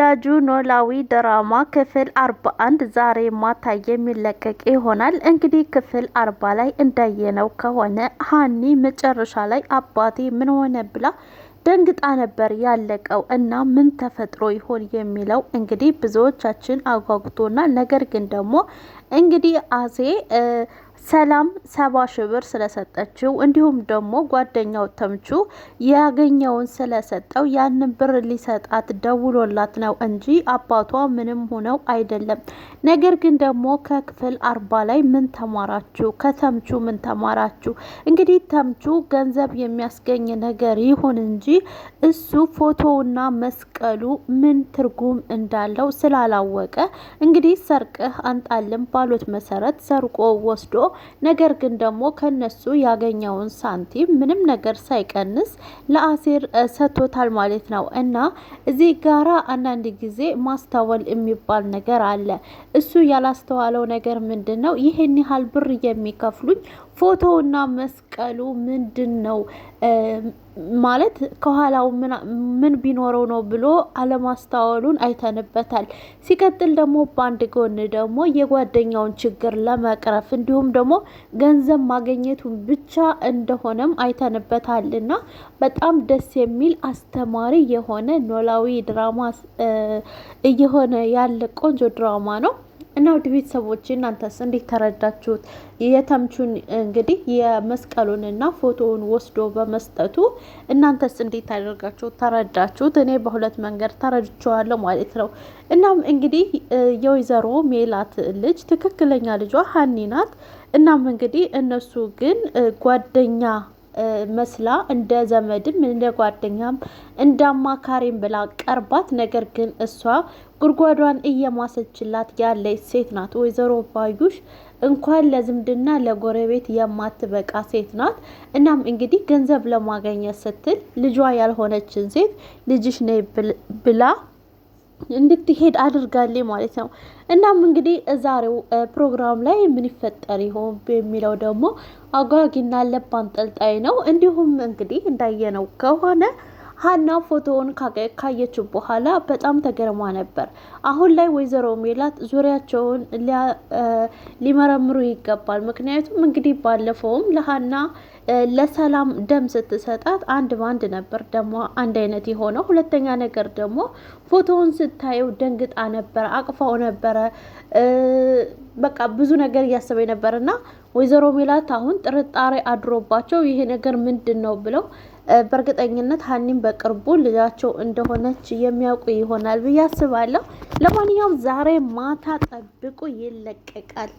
ተወዳጁ ኖላዊ ድራማ ክፍል አርባ አንድ ዛሬ ማታ የሚለቀቅ ይሆናል። እንግዲህ ክፍል አርባ ላይ እንዳየነው ከሆነ ሀኒ መጨረሻ ላይ አባቴ ምን ሆነ ብላ ደንግጣ ነበር ያለቀው እና ምን ተፈጥሮ ይሆን የሚለው እንግዲህ ብዙዎቻችን አጓጉቶና ነገር ግን ደግሞ እንግዲህ አሴ ሰላም ሰባ ሺህ ብር ስለሰጠችው እንዲሁም ደግሞ ጓደኛው ተምቹ ያገኘውን ስለሰጠው ያንን ብር ሊሰጣት ደውሎላት ነው እንጂ አባቷ ምንም ሆነው አይደለም። ነገር ግን ደግሞ ከክፍል አርባ ላይ ምን ተማራችሁ? ከተምቹ ምን ተማራችሁ? እንግዲህ ተምቹ ገንዘብ የሚያስገኝ ነገር ይሁን እንጂ እሱ ፎቶውና መስቀሉ ምን ትርጉም እንዳለው ስላላወቀ እንግዲህ ሰርቀህ አንጣልም ባሉት መሰረት ሰርቆ ወስዶ ነገር ግን ደግሞ ከነሱ ያገኘውን ሳንቲም ምንም ነገር ሳይቀንስ ለአሴር ሰጥቶታል ማለት ነው። እና እዚህ ጋራ አንዳንድ ጊዜ ማስታወል የሚባል ነገር አለ። እሱ ያላስተዋለው ነገር ምንድን ነው? ይህን ያህል ብር የሚከፍሉኝ ፎቶውና መስቀሉ ምንድን ነው ማለት ከኋላው ምን ቢኖረው ነው ብሎ አለማስተዋሉን አይተንበታል። ሲቀጥል ደግሞ በአንድ ጎን ደግሞ የጓደኛውን ችግር ለመቅረፍ እንዲሁም ደግሞ ገንዘብ ማግኘቱን ብቻ እንደሆነም አይተንበታል እና በጣም ደስ የሚል አስተማሪ የሆነ ኖላዊ ድራማ እየሆነ ያለ ቆንጆ ድራማ ነው። እና ውድ ቤተሰቦች እናንተስ እንዴት ተረዳችሁት? የተምቹን እንግዲህ የመስቀሉን እና ፎቶውን ወስዶ በመስጠቱ እናንተስ እንዴት ታደርጋችሁት ተረዳችሁት? እኔ በሁለት መንገድ ተረድቼዋለሁ ማለት ነው። እናም እንግዲህ የወይዘሮ ሜላት ልጅ ትክክለኛ ልጇ ሀኒ ናት። እናም እንግዲህ እነሱ ግን ጓደኛ መስላ እንደ ዘመድም እንደ ጓደኛም እንደ አማካሪም ብላ ቀርባት፣ ነገር ግን እሷ ጉድጓዷን እየማሰችላት ያለች ሴት ናት። ወይዘሮ ባዩሽ እንኳን ለዝምድና ለጎረቤት የማትበቃ ሴት ናት። እናም እንግዲህ ገንዘብ ለማገኘት ስትል ልጇ ያልሆነችን ሴት ልጅሽ ነይ ብላ እንድትሄድ አድርጋለች ማለት ነው። እናም እንግዲህ ዛሬው ፕሮግራም ላይ ምን ይፈጠር ይሆን የሚለው ደግሞ አጓጊና ልብ አንጠልጣይ ነው። እንዲሁም እንግዲህ እንዳየነው ከሆነ ሀና ፎቶውን ካየችው በኋላ በጣም ተገርማ ነበር። አሁን ላይ ወይዘሮ ሜላት ዙሪያቸውን ሊመረምሩ ይገባል። ምክንያቱም እንግዲህ ባለፈውም ለሀና ለሰላም ደም ስትሰጣት አንድ በአንድ ነበር ደግሞ አንድ አይነት የሆነው። ሁለተኛ ነገር ደግሞ ፎቶውን ስታየው ደንግጣ ነበረ፣ አቅፋው ነበረ፣ በቃ ብዙ ነገር እያሰበ ነበር እና ወይዘሮ ሜላት አሁን ጥርጣሬ አድሮባቸው ይሄ ነገር ምንድን ነው ብለው በእርግጠኝነት ሀኒም በቅርቡ ልጃቸው እንደሆነች የሚያውቁ ይሆናል ብዬ አስባለሁ። ለማንኛውም ዛሬ ማታ ጠብቁ ይለቀቃል።